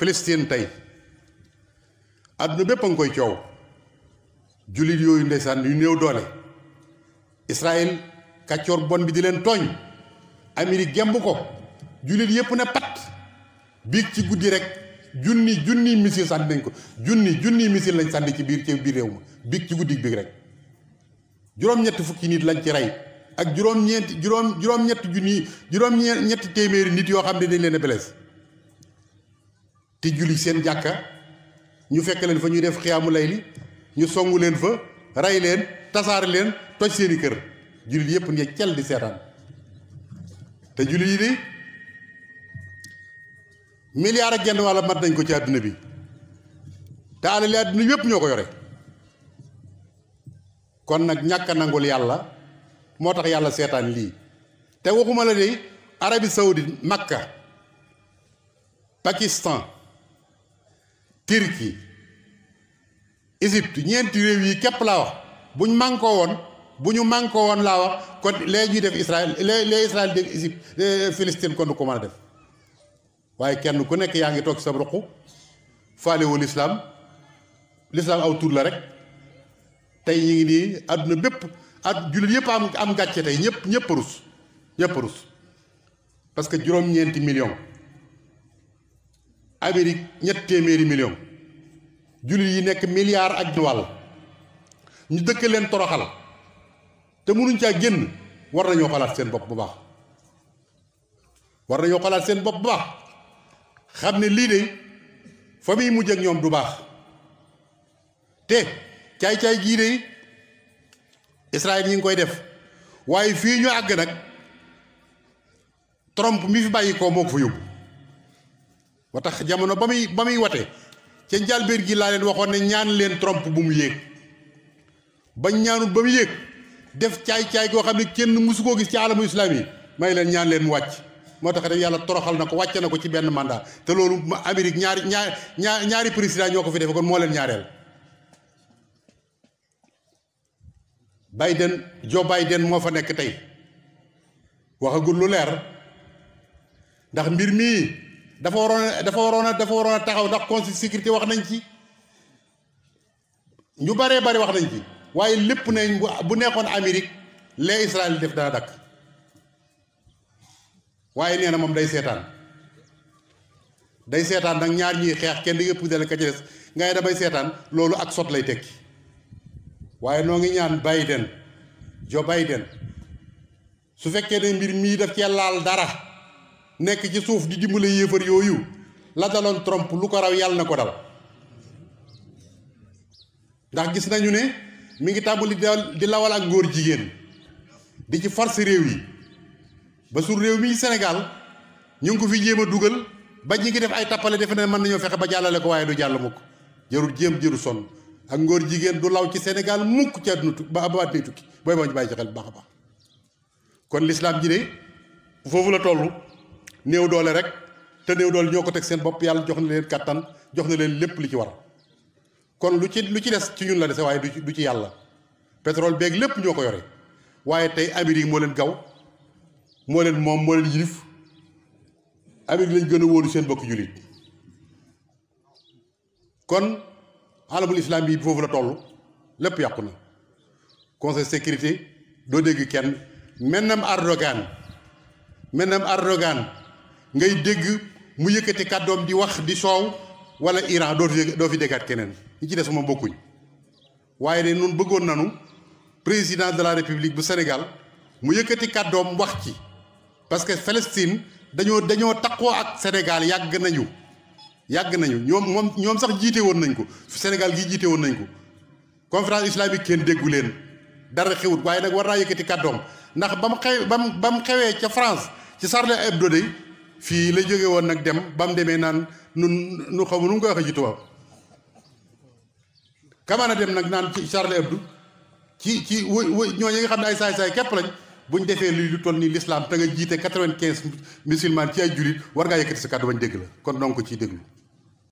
Palestine tey àdduna bépp a koy coow jullit yooyu sànn yu néew doole Israël kàccoor bon bi di leen tooñ Amérique gemb ko jullit yépp ne pat biig ci guddi rek junni junni missile sànni nañ ko junni junni missile lañ sànni ci biir ci biir réew ma biig ci guddi biig rek juróom-ñetti fukki nit lañ ci rey ak juróom-ñeenti juróom juróom-ñetti junni juróom-ñeenti téeméeri nit yoo xam ne dañ leen a te julli seen jàkka ñu fekk leen fa ñuy def xiyaamu layli ñu songu leen fa rey leen tasaar leen toj seeni kër jullit yépp ne cel di seetaan te jullit yi de milliard ak genn wàlla mat nañ ko ci àdduna bi te alali àdduna yépp ñoo ko yore kon nag ñàkk a nangul yàlla moo tax yàlla seetaan lii te waxuma la de Arabie Saoudite Makka Pakistan Turquie Égypte ñeenti réew yi képp laa wax bu ñu mànkoo woon bu ñu mànkoo woon laa wax kon lee ñuy def Israël lee lee Israël def Égypte kon du ko mën a def waaye kenn ku nekk yaa ngi toog sa ruq faalewu lislaam lislaam aw tur la rek tey ñu ngi nii àdduna bépp at jullit yëpp am am gàcce tey ñëpp ñëpp rus ñëpp rus parce que juróom-ñeenti million Amérique ñett téeméeri million jullit yi nekk milliard ak wàll ñu dëkk leen toroxal te mënuñ caa génn war nañoo xalaat seen bopp bu baax war nañoo xalaat seen bopp bu baax xam ne lii de fa muy mujj ak ñoom du baax te caay-caay gii de Israël ñi ngi koy def waaye fii ñu àgg nag Trump mi fi bàyyi ko moo ko fa yóbbu ba tax jamono ba muy ba muy wate ca njàlbéen gi laa leen waxoon ne ñaan leen trompe bu mu yéeg ba ñaanul ba mu yéeg def caay-caay goo xam ne kenn musu koo gis ci alamu islam yi may leen ñaan leen mu wàcc moo tax yàlla toroxal na ko wàcce na ko ci benn mandat te loolu Amérique ñaari ñaar ñaar ñaari président ñoo ko fi defe kon moo leen ñaareel Biden Joe Biden moo fa nekk tey waxagul lu leer ndax mbir mii dafa waroon a dafa waroon a dafa waroon a taxaw ndax conseil sécurité wax nañ ci ñu baree bari wax nañ ci waaye lépp nañ bu nekkoon Amérique lee Israël def dana dakk waaye nee na moom day seetaan day seetaan nag ñaar ñuy xeex kenn di nga puudar ka ci des nga ne damay seetaan loolu ak sot lay tekki waaye noo ngi ñaan Biden Joe Biden su fekkee ne mbir mii def cee laal dara. nekk ci suuf di dimbale yéefar yooyu la daloon Trump lu ko raw yàlla na ko dal ndax gis nañu ne mi ngi tàmbali di lawal ak ngóor jigéen di ci force réew yi ba su réew mi Sénégal ñu ngi ko fi jéem a dugal ba ñi ngi def ay tappale defe ne mën nañoo fexe ba jàllale ko waaye du jàll mukk jarul jéem jëru sonn ak ngóor jigéen du law ci Sénégal mukk ci àdduna tukki ba abaat tukki booy ba ñu bàyyi ci xel bu baax a baax kon lislaam ji de foofu la toll néew doole rek te néew doole ñoo ko teg seen bopp yàlla jox na leen kàttan jox na leen lépp li ci war kon lu ci lu ci des ci ñun la dese waaye du ci yàlla pétrole beeg lépp ñoo ko yore waaye tey Amérique moo leen gaw moo leen moom moo leen yilif Amérique lañ gën a wóolu seen bokk jullit kon alamul islam bi foofu la toll lépp yàqu na conseil sécurité doo dégg kenn mennam ardogan mennam Erdogan ngay dégg mu yëkkati kàddoom di wax di soow wala Iran doo fi doo fi déggaat keneen ñi ci des moom bokkuñ waaye ne nun bëggoon nanu président de la république bu Sénégal mu yëkkati kàddoom wax ci parce que Palestine dañoo dañoo taqoo ak Sénégal yàgg nañu yàgg nañu ñoom moom ñoom sax jiite woon nañ ko Sénégal gi jiite woon nañ ko conférence islamique kenn déggu leen dara xewut waaye nag war naa yëkkati kàddoom ndax ba mu xew ba mu ba mu xewee ca France ci Charlie Hebdo fii lay jóge woon nag dem ba mu demee naan nun nu xaw nu mu ko waxee ci tubaab kamaana dem nag naan ci Charlie Hebdo ci ci wu wu ñooñu nga xam ne ay saay-saay képp lañ buñ defee luy lu toll nii l'islam te nga jiite quatre-vingt-quinze musulman ci ay julit war ngaa yëkkati sa kàddu bañ dégg la kon donc ciy déglu